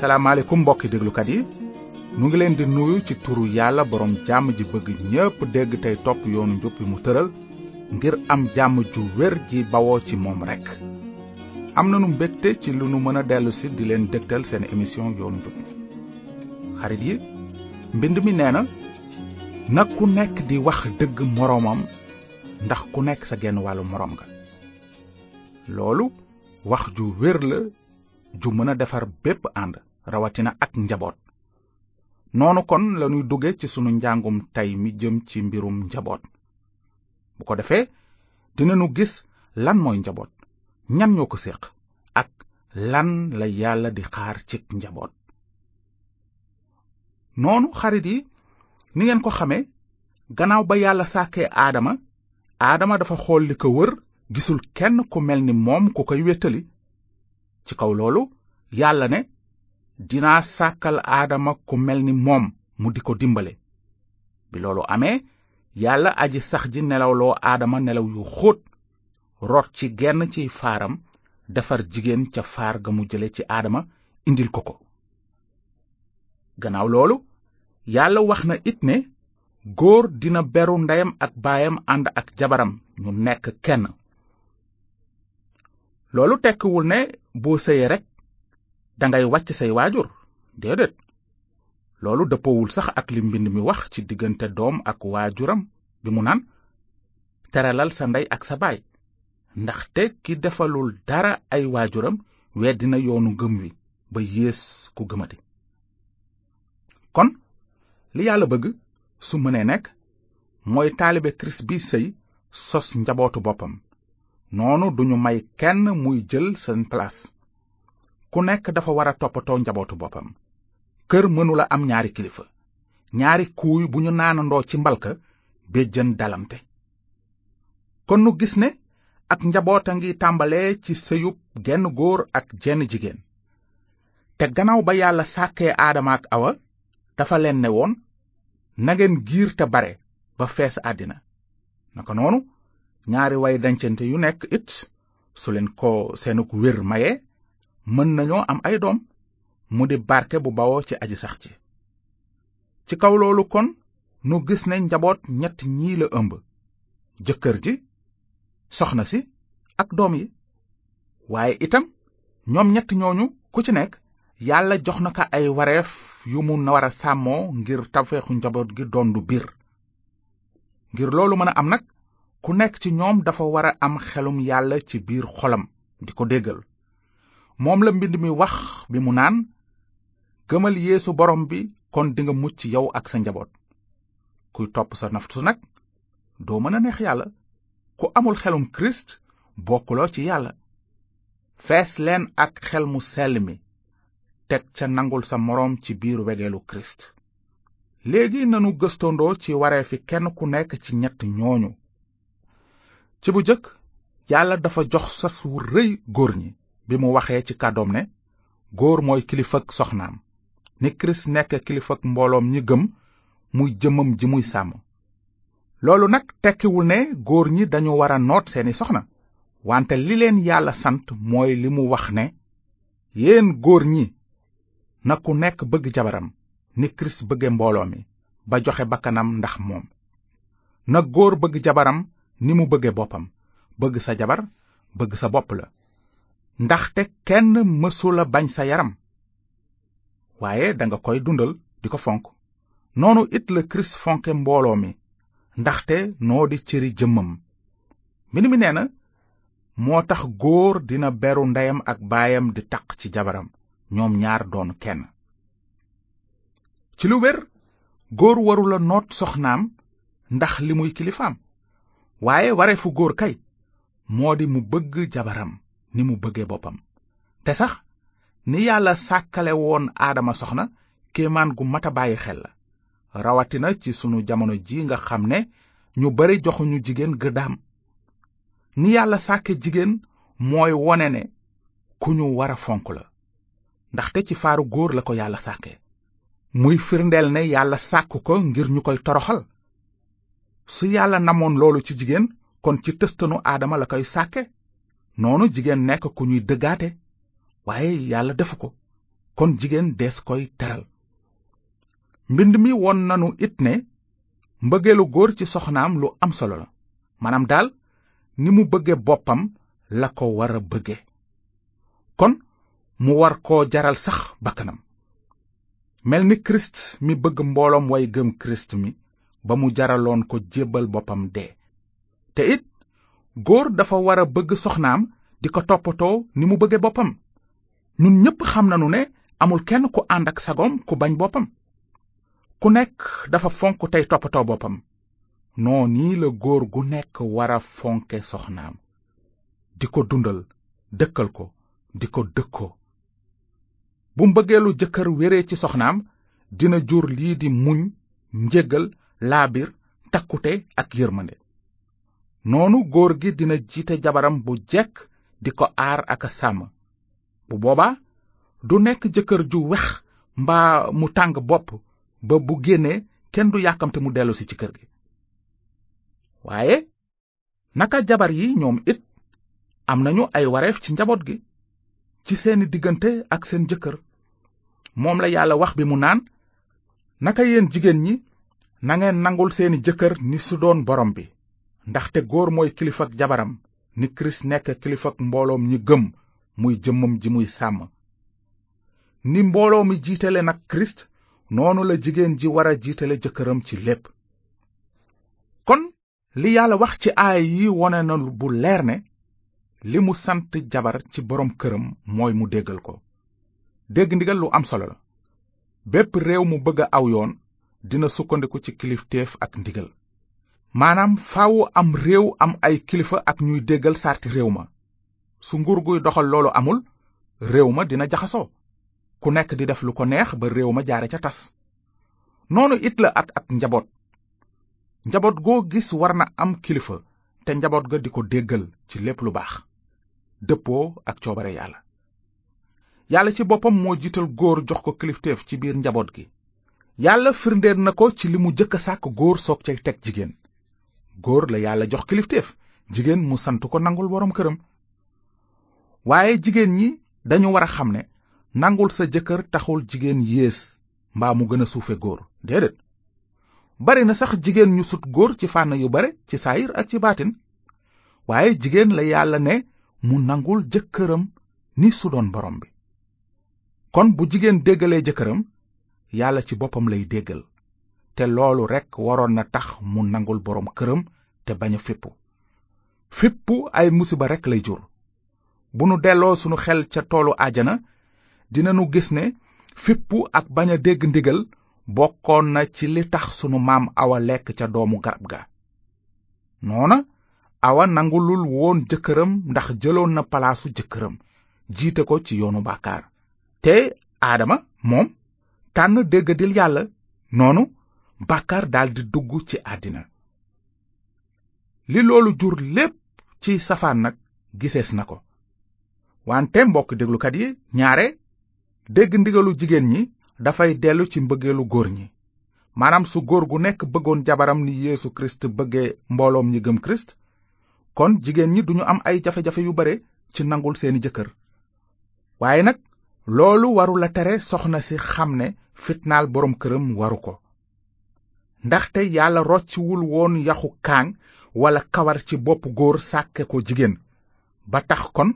salaamaaleykum mbokki déglukat yi nu ngi leen di nuyu ci turu yàlla borom jàmm ji bëgg ñépp dégg tey topp yoonu njub mu tëral ngir am jàmm ju wér ji bawoo ci moom rek am nanu mbégte ci lu nu mën a dellu si di leen dégtal seen émission yoonu njub xarit yi mbind mi nee na na ku nekk di wax dëgg moroomam ndax ku nekk sa genn wàllu morom nga loolu wax ju wér la ju mën defar bépp ànd rawatina ak njaboot noonu kon lanuy dugge ci sunu njàngum tey mi jëm ci mbirum njaboot bu ko defee dina nu gis lan mooy njaboot ñan ñoo ko séq ak lan la yàlla di xaar ci njaboot noonu xarit yi ni ngeen ko xame gannaaw ba yàlla sàkkee aadama aadama dafa xool li ko wër gisul kenn ku mel ni moom ku koy wéttali ci kaw loolu yàlla ne dinaa sàkkal aadama ku mel ni moom mu di ko dimbale bi loolu amee yàlla aji sax ji loo aadama nelaw yu xóot root ci genn ci faaram defar jigéen ca faar ga mu jële ci aadama indil ko ko gannaaw loolu yàlla wax na it ne góor dina beru ndeyam ak baayam ànd ak jabaram ñu nekk kenn loolu tekkiwul ne boo sëyee rekk dangay wàcc say waajur déedéet loolu dëppowul sax ak li mbind mi wax ci diggante doom ak waajuram bi mu naan teralal sa ndey ak sa baay ndax te ki defalul dara ay waajuram weddi na yoonu gëm wi ba yées ku gëmati kon li yàlla bëgg su mënee nekk mooy taalibe kirist bi sëy sos njabootu boppam noonu duñu may kenn muy jël seen place ku nekk dafa war a toppatoo njabootu boppam kër mënula am ñaari kilifa ñaari kuuy bu ñu naanandoo ci mbalka béjjën dalamte kon nu gis ne ak njaboot a ngi tàmbalee ci sëyub genn góor ak jenn jigéen te gannaaw ba yàlla sàkkee aadama ak awa dafa leen ne woon nangeen giir te bare ba fees àddina ko noonu ñaari way dencante yu nekk it su leen ko seenuk wér maye mën nañoo am ay doom mu di barke bu bawoo ci aji sax ci ci kaw loolu kon nu gis ne njaboot ñett ñii la ëmb jëkkër ji soxna si ak doom yi waaye itam ñoom ñett ñooñu ku ci nekk yàlla jox na ko ay wareef yu mu war a sàmmoo ngir tafeexu njaboot gi doon du biir ngir loolu mën a am nag ku nekk ci ñoom dafa war a am xelum yàlla ci biir xolam di ko déggal moom la mbind mi wax bi mu naan gëmal yéesu borom bi kon dinga mucc yow ak sa njaboot kuy topp sa naftu nag doo mën a neex yàlla ku amul xelum kirist bokkuloo ci yàlla fees leen ak xel mu sell mi teg ca nangul sa moroom ci biir wegeelu kirist léegi nanu gëstandoo ci waree fi kenn ku nekk ci ñett ñooñu ci bu jëkk yàlla dafa jox sas wu rëy góor ñi bi mu waxee ci kàddoom ne góor mooy kilifak soxnaam ni kirist nekk kilifak mbooloom ñi gëm muy jëmmam ji muy sàmm loolu nag tekkiwul ne góor ñi dañu war a noot seeni soxna wante li leen yàlla sant mooy li mu wax ne yéen góor ñi na ku nekk bëgg jabaram ni kirist bëgge mbooloo mi ba joxe bakkanam ndax moom na góor bëgg jabaram ni mu bëgge boppam bëgg sa jabar bëgg sa bopp la ndaxte kenn mësula bañ sa yaram waaye danga koy dundal di ko fonk noonu it la kirist fonke mbooloo mi ndaxte noo di cëri jëmmam mbind mi nee na moo tax góor dina beru ndeyam ak baayam di taq ci jabaram ñoom ñaar doon kenn ci lu wér góor warula noot soxnaam ndax li muy kilifaam waaye wareefu góor kay moo di mu bëgg jabaram ni mu bëggee boppam te sax ni yàlla sàkkale woon aadama soxna kéemaan gu mat a bàyyi xel la rawatina ci sunu jamono ji nga xam ne ñu bari joxuñu jigéen gëddaam ni yàlla sàkke jigéen mooy wone ne ku ñu war a fonk la ndaxte ci faaru góor la ko yàlla sàkke muy firndeel ne yàlla sàkk ko ngir ñu koy toroxal su yàlla namoon loolu ci jigéen kon ci tëstanu aadama la koy sàkke noonu jigéen nekk ku ñuy dëggaate waaye yàlla defu ko kon jigéen dees koy teral mbind mi won nanu it ne mbëggeelu góor ci soxnaam lu am solo la maanaam daal ni mu bëgge boppam la ko war a bëgge kon mu war koo jaral sax bakkanam mel ni kirist mi bëgg mbooloom way gëm kirist mi ba mu jaraloon ko jébbal boppam dee te it góor dafa war a bëgg soxnaam di ko toppatoo ni mu bëgge boppam ñun ñépp xam nanu ne amul kenn ku ànd ak sagoom ku bañ boppam ku nekk dafa fonk tey toppatoo boppam noo nooni la góor gu nekk war a fonke soxnaam di ko dundal dëkkal ko di ko dëkkoo bu lu jëkkër wéree ci soxnaam dina jur lii di muñ njégal laabir takkute ak yërmande noonu góor gi dina jiite jabaram bu jekk di ko aar ak a sàmm bu booba du nekk jëkkër ju wex mbaa mu tàng bopp ba bu génnee kenn du yàkkamte mu dellusi ci kër gi waaye naka jabar yi ñoom it am nañu ay wareef ci njaboot gi ci seeni diggante ak seen jëkkër moom la yàlla wax bi mu naan naka yéen jigéen ñi nangeen nangul seeni jëkkër ni su doon borom bi ndaxte góor mooy kilifak jabaram ni kirist nekk kilifa mbooloom ñi gëm muy jëmmam ji muy sàmm ni mbooloo mi jiitale nag kirist noonu la jigéen ji war a jiitale jëkkëram ci lépp kon li yàlla wax ci aay yi wone na bu leer ne li mu sant jabar ci boroom këram mooy mu déggal ko dégg ndigal lu am solo la bépp réew mu bëgg a aw yoon dina sukkandiku ci kilifteef ak ndigal maanaam faaw am réew am ay kilifa ak ñuy déggal sarti réew ma su nguur guy doxal loolu amul réew ma dina jaxasoo ku nekk di def lu ko neex ba réew ma jaare ca tas noonu it la ak ak njaboot njaboot goo gis war na am kilifa te njaboot ga di ko déggal ci lépp lu baax dëppoo ak coobare yàlla yàlla ci boppam moo jiital góor jox ko kilifteef ci biir njaboot gi yàlla firndeel na ko ci li mu jëkk a sàkk góor soog cay teg jigéen góor la yàlla jox kilifteef jigéen mu sant ko nangul boroom këram waaye jigéen ñi dañu war a xam ne nangul sa jëkkër taxul jigéen yées mbaa mu gën a suufe góor déedéet bari na sax jigéen ñu sut góor ci fànn yu bare ci saayir ak ci baatin waaye jigéen la yàlla ne mu nangul jëkkëram ni su doon borom bi kon bu jigéen déggalee jëkkëram yàlla ci boppam lay déggal loolu rekk waroon na tax mu nangul boroom këram te bañ a fippu ay musiba rekk lay jur bu nu delloo sunu xel ca toolu ajana dinanu gis ne fippu ak bañ a dégg ndigal bokkoon na ci li tax sunu maam awa lekk ca doomu garab ga noona awa nangulul woon jëkkëram ndax jëloon na palaasu jëkkëram jiite ko ci yoonu bàkkaar te aadama moom tànn déggadil yàlla noonu bàkkaar daldi dugg ci àddina li loolu jur lépp ci safaan nag gisees na ko wante mbokk déglukat yi ñaare dégg ndigalu jigéen ñi dafay dellu ci mbëggeelu góor ñi maanaam su góor gu nekk bëggoon jabaram ni yéesu Kirist bëggee mbooloom ñi gëm Kirist kon jigéen ñi duñu am ay jafe-jafe yu bare ci nangul seeni jëkkër waaye nag loolu waru la tere soxna si xam ne fitnaal boroom këram waru ko ndaxte yàlla rocciwul woon yaxu kaaŋ walla kawar ci bopp góor sàkke ko jigéen ba tax kon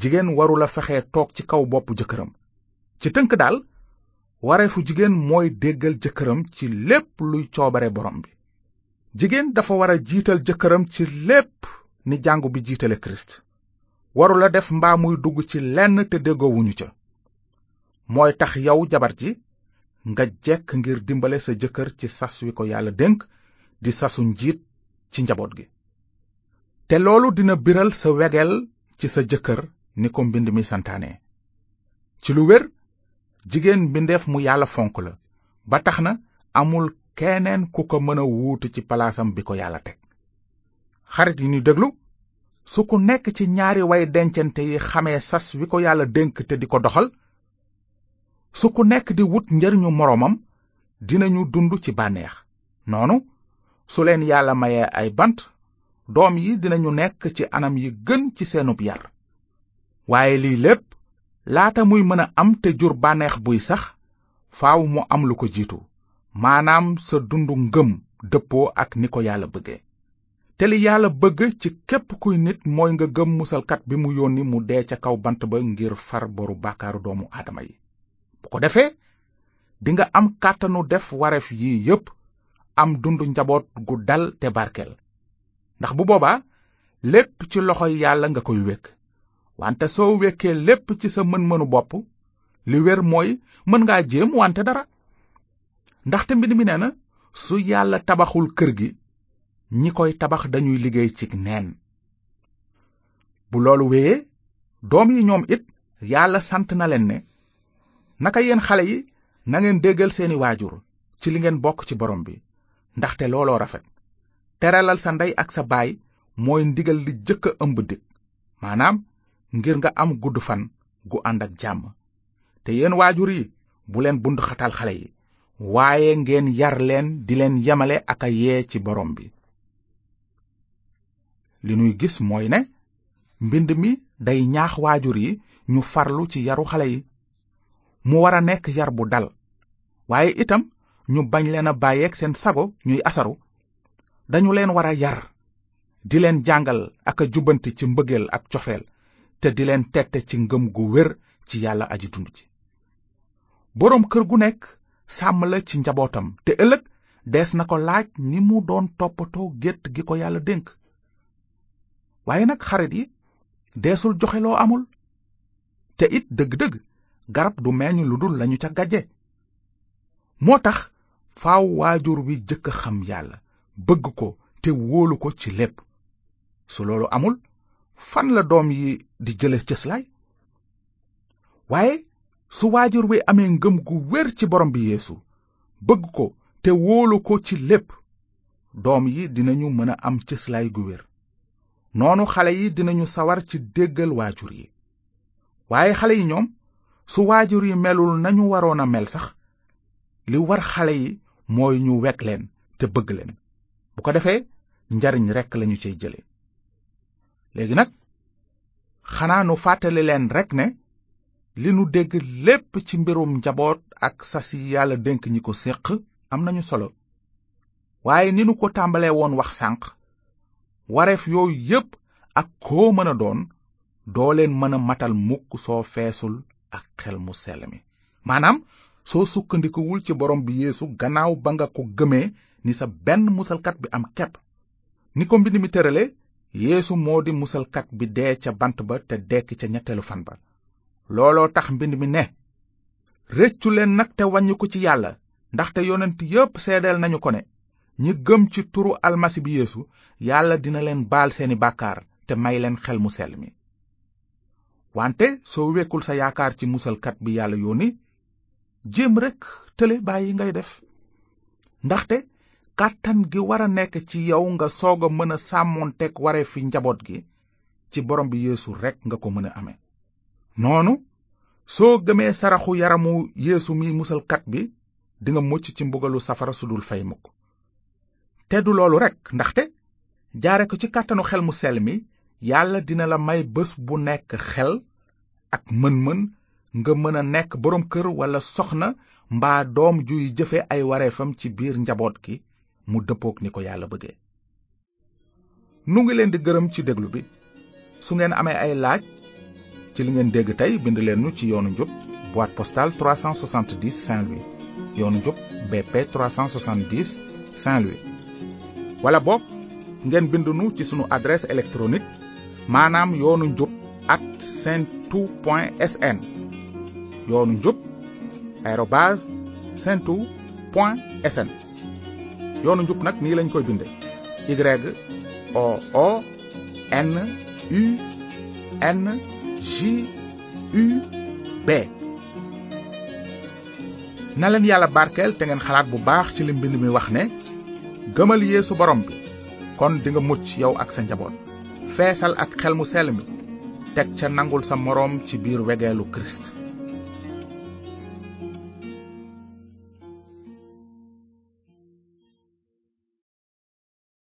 jigéen warul a fexe toog ci kaw bopp jëkkëram ci tënk daal wareefu jigéen mooy déggal jëkkëram ci lépp luy coobare borom bi jigéen dafa war a jiital jëkkëram ci lépp ni jàngu bi jiitale kirist warula def mbaam muy dugg ci lenn te déggowuñu ca mooy tax yow jabar ji nga jekk ngir dimbale sa jëkkër ci sas wi ko yàlla dénk di sasu njiit ci njaboot gi te loolu dina biral sa wegeel ci sa jëkkër ni ko mbind mi santaane ci lu wér jigéen mbindeef mu yàlla fonk la ba tax na amul keneen ku ko mën a wuutu ci palaasam bi ko yàlla teg xarit yi ñu déglu su ku nekk ci ñaari way dencante yi xamee sas wi ko yàlla dénk te di ko doxal su ku nekk di wut njariñu moroomam dinañu dund ci bànneex noonu su leen yàlla maye ay bant doom yi dinañu nekk ci anam yi gën ci seenub yar waaye lii lépp laata muy mën a am te jur bànneex buy sax faaw mu am lu ko jiitu maanaam sa dund ngëm dëppoo ak ni ko yàlla bëgge te li yàlla bëgg ci képp kuy nit mooy nga gëm musalkat bi mu yónni mu dee ca kaw bant ba ngir far boru bàkkaaru doomu aadama yi ko defee dinga am kàttanu def wareef yii yépp am dund njaboot gu dal te barkeel ndax bu boobaa lépp ci loxoy yàlla nga koy wékk wante soo wékkee lépp ci sa mën-mënu bopp li wér mooy mën ngaa jéem wante dara ndaxte mbind mi nee na su yàlla tabaxul kër gi ñi koy tabax dañuy liggéey ci neen bu loolu wéyee doom yi ñoom it yàlla sant na leen ne naka yéen xale yi nangeen déggal seeni waajur ci li ngeen bokk ci borom bi ndaxte looloo rafet teralal sa ndey ak sa baay mooy ndigal li jëkk a ëmb dig maanaam ngir nga am gudd fan gu ànd ak jàmm te yéen waajur yi bu leen bund xale yi waaye ngeen yar leen di leen yemale ak a yee ci borom bi li nuy gis mooy ne mbind mi day ñaax waajur yi ñu farlu ci yaru xale yi mu war a nekk yar bu dal waaye itam ñu bañ leen a bàyyeeg seen sago ñuy asaru dañu leen war a yar di leen jàngal ak a jubbanti ci mbëggeel ak cofeel te di leen tette ci ngëm gu wér ci yàlla aji dund ji boroom kër gu nekk sàmm la ci njabootam te ëllëg dees na ko laaj ni mu doon toppatoo gétt gi ko yàlla dénk waaye nag xarit yi deesul joxe loo amul te it dëgg-dëgg garab du meññ lu dul lañu ca gaje moo tax faw waajur wi jëkk xam yàlla bëgg ko te wóolu ko ci lépp su loolu amul fan la doom yi di jële cëslaay waaye su waajur wi amee ngëm gu wér ci borom bi yéesu bëgg ko te wóolu ko ci lépp doom yi dinañu mën a am cëslaay gu wér noonu xale yi dinañu sawar ci déggal waajur yi waaye xale yi ñoom su waajur yi melul nañu waroon a mel sax li war xale yi mooy ñu wek leen te bëgg leen bu ko defee njariñ rekk lañu cay jële léegi nag xanaa nu fàttali leen rekk ne li nu dégg lépp ci mbirum njaboot ak sasi yàlla dénk ñi ko séq am nañu solo waaye ni nu ko tàmbalee woon wax sànq wareef yooyu yépp ak koo mën a doon doo leen mën a matal mukk soo feesul ak xel mu sell mi maanaam soo sukkandikuwul ci borom bi yéesu gannaaw ba nga ko gëmee ni sa benn musalkat bi am kepp ni ko mbind mi tërale yéesu moo di musalkat bi dee ca bant ba te dekki ca ñetteelu fan ba looloo tax mbind mi ne rëccu leen nag te wàññiku ci yàlla ndaxte yonent yépp seedeel nañu ko ne ñi gëm ci turu almasi bi yeesu yàlla dina leen baal seeni bàkkaar te may leen xel mu sel mi wante soo wekkul sa yaakaar ci musalkat bi yàlla yónni jéem rekk tële bàyyi ngay def ndaxte kàttan gi war a nekk ci yow nga soog a mën a sàmmoonteeg waree fi njaboot gi ci borom bi yeesu rekk nga ko mën a amee. noonu soo gëmee saraxu yaramu yéesu mi musalkat bi dinga mucc ci mbugalu safara su dul fay mukk te loolu rekk ndaxte jaare ko ci kàttanu xel mu sel mi yàlla dina la may bés bu nekk xel ak mën-mën nga mën a nekk borom kër wala soxna mbaa doom juy jëfe ay wareefam ci biir njaboot gi mu dëppoog ni ko yàlla bëggee nu ngi leen di gërëm ci déglu bi su ngeen amee ay laaj ci li ngeen dégg tey bind leen ci yoonu njub boîte postale 370 Saint-Louis yoonu njub BP 370 Saint-Louis wala boog ngeen bind nu ci sunu adresse électronique maanaam yoonu njub at saint tout point sn yoonu njub arobase sentout point sn yoonu njub nag nii lañ koy binde y o o n u n j u b na leen yàlla barkeel te ngeen xalaat bu baax ci lim bind mi wax ne gëmal yeesu borom bi kon nga mucc yow ak sa njaboot feesal ak xel mu sell mi teg ca nangul sa moroom ci biir wegeelu kirist